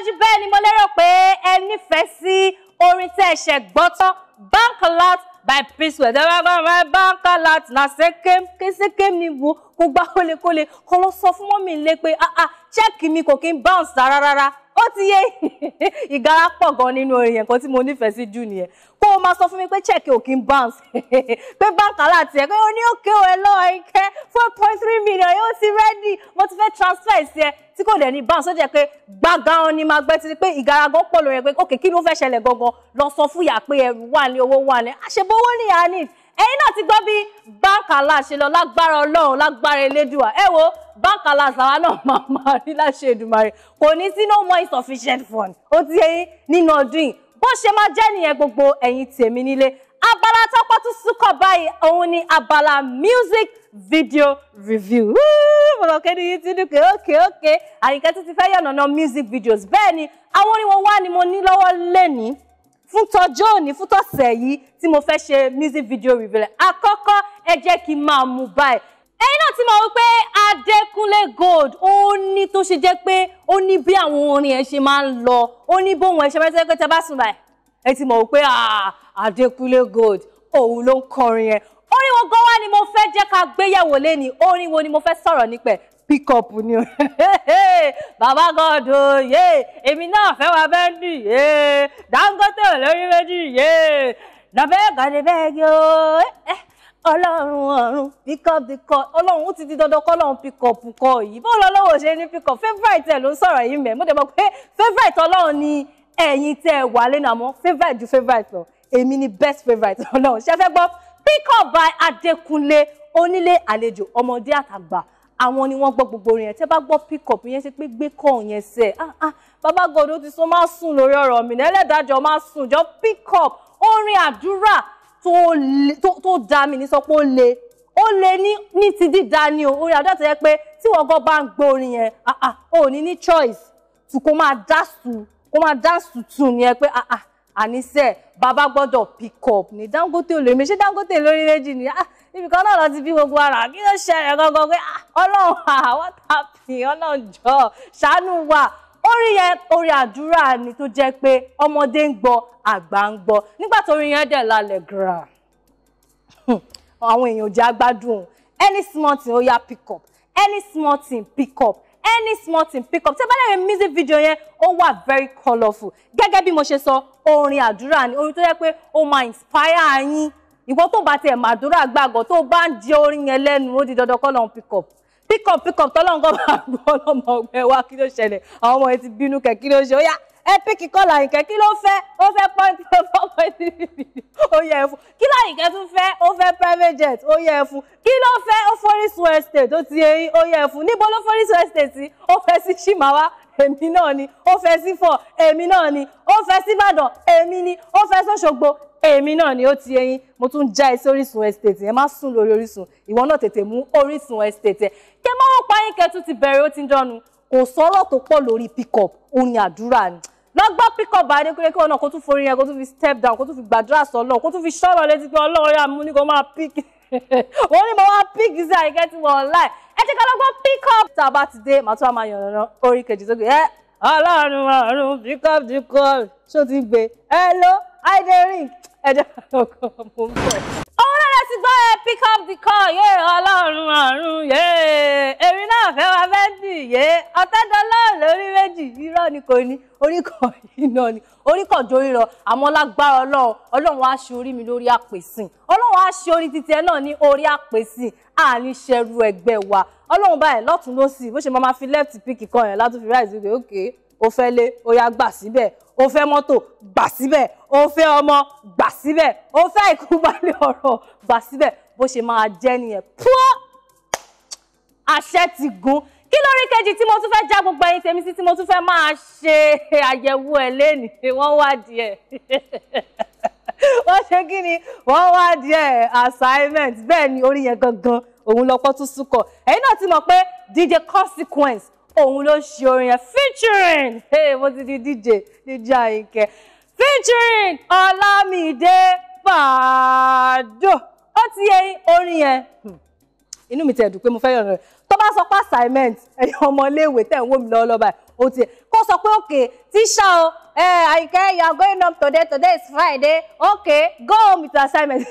dájú bẹ́ẹ̀ ni mo lérò pé ẹ nífẹ̀ẹ́ sí orin tẹ́ ẹ ṣẹ̀ gbọ́tọ́ bank alert by P-Square ẹ̀dá bá bá bank alert na sékém késékém ni wo kó gbá kólékólé kó lọ sọ fún mọ́mì lé pé ah, ah mi kò kí ń bounce rárá ó ti yé ìgara pọ̀ gan nínú orin yẹn kan tí mo nífẹ̀ẹ́ sí jù nìyẹn kó o máa sọ fún mi pé check ò kí n bounce pé báńkà láti ẹ̀ pé o ní òkè òwe lọ́wọ́ ike four point three million yóò ti ready mo ti fẹ́ transfer sí ẹ tí kò dẹ̀ ní bounce ó jẹ́ pé gbàgán ni máa gbẹ́ títí pé ìgara gan pọ̀ lórí ẹ pé òkè kí ni ó fẹ́ ṣẹlẹ̀ gangan lọ sọ fún ìyá pé ẹrù wà ní owó wà ní àṣebówó nìyá ní ẹ̀yin náà ti gbọ́ bí báńkàlà ṣe lọ lágbára ọlọ́run lágbára elédùà ẹ wo báńkàlà sàwa náà máa máa rí láṣẹ Èdùmàrè kò ní sí no more insufficient fund ó ti ẹ̀yin nínú ọdún yìí bó ṣe máa jẹ́ nìyẹn gbogbo ẹ̀yin tèmi nílé abala tọ́pọ̀ tún súnkọ̀ báyìí òun ni abala music video review bọ̀lọ̀kẹ́ ni yìí ti dùn kéé ókè ókè àyíká tó ti fẹ́ yànnàná music videos bẹ́ẹ̀ ni àwọn orin wọn wá ni mo ní lọ́wọ́ lẹ́nìí fún tọjọ́ òní fún tọ̀sẹ̀ yìí tí mo fẹ́ ṣe music video reveal àkọ́kọ́ ẹ jẹ́ kí n máa mú báyìí ẹ̀yin náà ti mọ̀ wípé Adékúnlé Gold ó ní tó ṣe jẹ́ pé ó ní bí àwọn orin ẹ̀ ṣe máa ń lọ ó ní bóun ẹ̀ ṣe máa ń tẹ́lẹ̀ pé tẹ́ bá sùn báyìí ẹ ti mọ̀ wípé ah, Adékúnlé Gold òun ló ń kọrin yẹn orin wo gan wá ni mo fẹ́ jẹ́ ká gbéyẹ̀wò lẹ́ni orin wo ni mo fẹ́ sọ̀rọ̀ nípẹ̀ pick up ni o bàbá gọdọ yé èmi náà fẹ́ wa bẹ́ńdì yé Dangote olórí méjì yé nàbẹ́ gàdé bẹ́ẹ̀gì o eh, ọlọ́run ọ̀run pick up the call ọlọ́run ó ti di dandan kọ́ ọlọ́run pick up kọ́ yìí bó lọ́lọ́wọ́ ṣe ní pick up favourite ẹ̀ ló ń sọ̀rọ̀ yìí mẹ́ mo dẹ̀ mọ̀ pé favourite ọlọ́run ni ẹ̀yin tẹ́ ẹ wà lẹ́nu àmọ́ favourite ju favourite lọ èmi ni best favourite ọlọ́run ṣe fẹ́ gbọ́ pick up by Adékúnlé onílé àlejò ọmọdé àtàgbà àwọn ni wọ́n gbọ́ gbogbo orin yẹn tẹ́ bá gbọ́ pick up yẹn ṣe pé gbé kọ́ yẹn sẹ̀ ah ah bàbá gòdó ti sọ máa sùn lórí ọ̀rọ̀ mi nẹ́lẹ́dájọ́ máa sùn jọ pick up orin àdúrà tó dá mi ní sọ pé ó le ó le ní ti dídá ni o orin àdúrà tó yẹ pé tí wọ́n gbọ́ bá ń gbọ́ orin yẹn ah ah ò ní ní choice tù kó máa dá sùn kó máa dá sùn tù ni ẹ pé ah ah àníṣe bàbá gbọ́dọ̀ pick up ní Dangote olèmi ṣé Dangote lórí méjì ni ah níbi kan náà lọ ti bí gbogbo ara kí ló ṣẹlẹ̀ gangan pé ah, ọlọ́run ah, what happened ọlọ́run jọ ṣàánú wa orin yẹn orin àdúrà ni tó jẹ́ pé ọmọdé ń gbọ́ àgbà ń gbọ́ nígbà tó orin yẹn dẹ̀ lálẹ́ gra àwọn èèyàn ò jẹ́ agbádùn any small thing ó yá pick up any small thing pick up any small thing pick up tí ẹ music video yẹn ó wà very colourful gẹ́gẹ́ bí mo ṣe sọ orin àdúrà ni orin tó yẹ pé ó máa inspire yín ìwọ tó bá tiẹ̀ màdúrà gbàgọ̀ tó bá ń di orin yẹn lẹ́nu ó di dandan kọ́ lọ́n pick up pick up pick up tọ́lọ́n kọ́ máa gbọ́ ọlọ́mọ ọgbẹ́ wa kí ló ṣẹlẹ̀ àwọn ọmọ yẹn ti bínú kẹ̀ kí ló ṣe ó yá ẹ píkì kọ́ làyìnkẹ́ kí ló fẹ́ ó fẹ́ point four point three ó yẹ ẹ fún kí làyìnkẹ́ tún fẹ́ ó fẹ́ private jet ó yẹ ẹ fún kí ló fẹ́ ó forísun estate ó ti eyín ó yẹ ẹ fún níbo ló forísun estate sí ó fẹ́ sí Ṣímàwá èmi náà ni ó fẹ́ sí fọ èmi náà ni ó fẹ́ sí Ìbàdàn èmi ni ó fẹ́ sọ́ṣogbo èmi náà ni ó ti ẹyin mo tún já ẹ e sí Orísun estate ẹ má sùn lórí Orísun ìwọ náà tètè mú Orísun estate ẹ kẹ má wọn parí kẹtù ti bẹ̀rẹ̀ ó ti ń dọnu kò sọ̀rọ̀ tó pọ̀ lórí pickup orin àdúrà ni lọgbọ pickup bá dé kúrẹ́kẹ́ ọ̀nà kó tún forí yẹn kó tún fi step down kó tún fi gbàdúrà sọ Ọlọ́run kó tún fi sọ̀rọ̀ létí pé Ọlọ́run yà mú ní kó máa pick wọ́n ní mo wá pick sí àyíkẹ́ tí wọ́n online ẹ ti ká lọ́gbọ́ pick up tá a bá ti dé màá tún wá yànnàná orí kejì sókè ẹ Ọlọ́run ọ̀run pick up the ṣó ti gbé hello I dey ring ẹjọ́ ọkọ̀ mò ń rẹ̀ ti gbọ́ ẹ pick up the call yé ọlọ́run ọ̀run yé èmi náà fẹ́ wá fẹ́ dì yé ọ̀tẹ́dọ́lọ́ lórí méjì irọ́ ni kò ní oríkọ̀ iná ni oríkọ̀ jórí lọ àmọ́ lágbára ọlọ́run ọlọ́run á ṣe orí mi lórí àpèsìn ọlọ́run á ṣe orí títí ẹ náà ní orí àpèsìn àní ṣẹrú ẹgbẹ́ wa ọlọ́run báyìí lọ́tún lọ́sì bó ṣe máa fi left pick kan yẹn látún fi right okay o fẹ́ lé ó yá gbà síbẹ̀ o fẹ́ mọ́tò gbà síbẹ̀ o fẹ́ ọmọ gbà síbẹ̀ o fẹ́ ìkúbalẹ̀ ọ̀rọ̀ gbà síbẹ̀ bó ṣe máa jẹ́ nìyẹn púọ́ àṣẹ ti gùn kí lórí kejì tí mo tún fẹ́ já gbogbo ẹyin tèmi sí tí mo tún fẹ́ máa ṣe àyẹ̀wò ẹ̀ lénìí wọ́n wá díẹ̀ wọ́n ṣe kí ni wọ́n wá díẹ̀ assignment bẹ́ẹ̀ ni orí yẹn gangan òun lọ́pọ̀ tún súnkọ̀ ẹ̀yin náà ti mọ̀ pé DJ Consequence òun ló ṣe orin yẹn featuring hey mo ti di DJ DJ Àyìnkẹ́ featuring Ọlámídé Bàdó ó ti yẹ orin yẹn hmm, inú mi tẹ̀ dùn pé mo fẹ́ yọ̀rọ̀ rẹ̀ tó bá sọ pé assignment ẹ̀yin ọmọléèwé tẹ̀ ń wò mí lọ́wọ́ lọ́ba ẹ̀ ó ti kó sọ pé okay tíṣà o ẹ Àyìnkẹ́ you are going home today today is Friday okay go home with assignment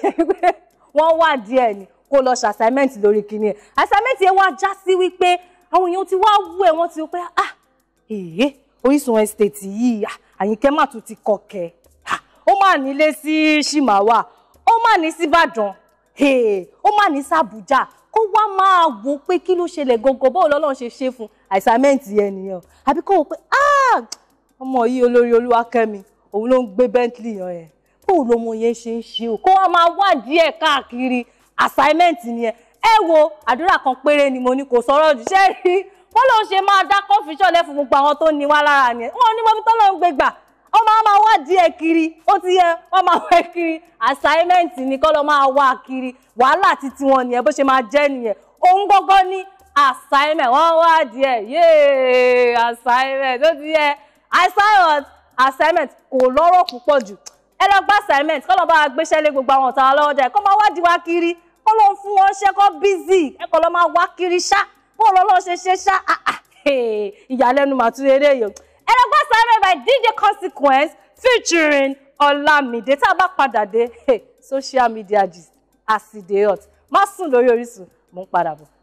wọ́n wà díẹ̀ ni kó lọ ṣe assignment lórí kinní ẹ̀ assignment yẹn wá já sí wípé àwọn èèyàn ti wá wú ẹ wọ́n ti pé ah èyí Orísun estate yìí ah, Àyìnkẹ́ mà tún ti kọkẹ ó mà nílé sí Ṣìmáwà ó mà ní síbàdàn ó mà ní sàbújá kó wá máa wò pé kí ló ṣẹlẹ̀ gangan báwo lọ́lọ́run ṣe ṣe fún àìsàmẹ́ǹtì ẹnìyàn àbí kó wò pé ah ọmọ yìí olórí Olúwakẹ́mi òun ló ń gbé Bentley yan yẹn báwo lọmọ yẹn ṣe ń ṣe o kó wá máa wádìí ẹ̀ káàkiri assignment nìyẹn ẹ wo àdúrà kan péré ni mo ní kò sọ̀rọ̀ jù ṣé rí wọ́n lóun ṣe máa dá confusion lẹ́fun gbogbo àwọn tó ní wá lára ni wọn ò ní mọ́bí tọ́lọ́ ń gbé gbà wọ́n máa máa wá díẹ̀ kiri ó ti yẹ wọ́n máa wá kiri assignment ni kọ́ lọ́ máa wá kiri wàhálà títí wọn nìyẹn bó ṣe máa jẹ́ nìyẹn òun gbọ́gbọ́ ní assignment wọ́n wá díẹ̀ yéé assignment ó ti yẹ assignment assignment kò lọ́rọ̀ púpọ̀ jù ẹ lọ gba assignment kọ́ lọ́ bá gbéṣẹ́ lé gbogbo àwọn ọ̀tá lọ́wọ́ jẹ́ kọ́ máa wá di wá kiri kọ́ ló ń fún wọn ṣe kọ́ bízì ẹ̀kọ́ lọ́ máa wá kiri ṣá bóun lọ́lọ́ ṣe ṣe ṣá ah, ah, ìyàlẹ́nu màtún eléyìí ẹ̀rọ̀gbọ́n sáré by DJ Consequence featuring Ọlámídé tá a bá padà dé social media gist àsìdè e hot má sùn lórí Orísun mò ń padà bọ̀.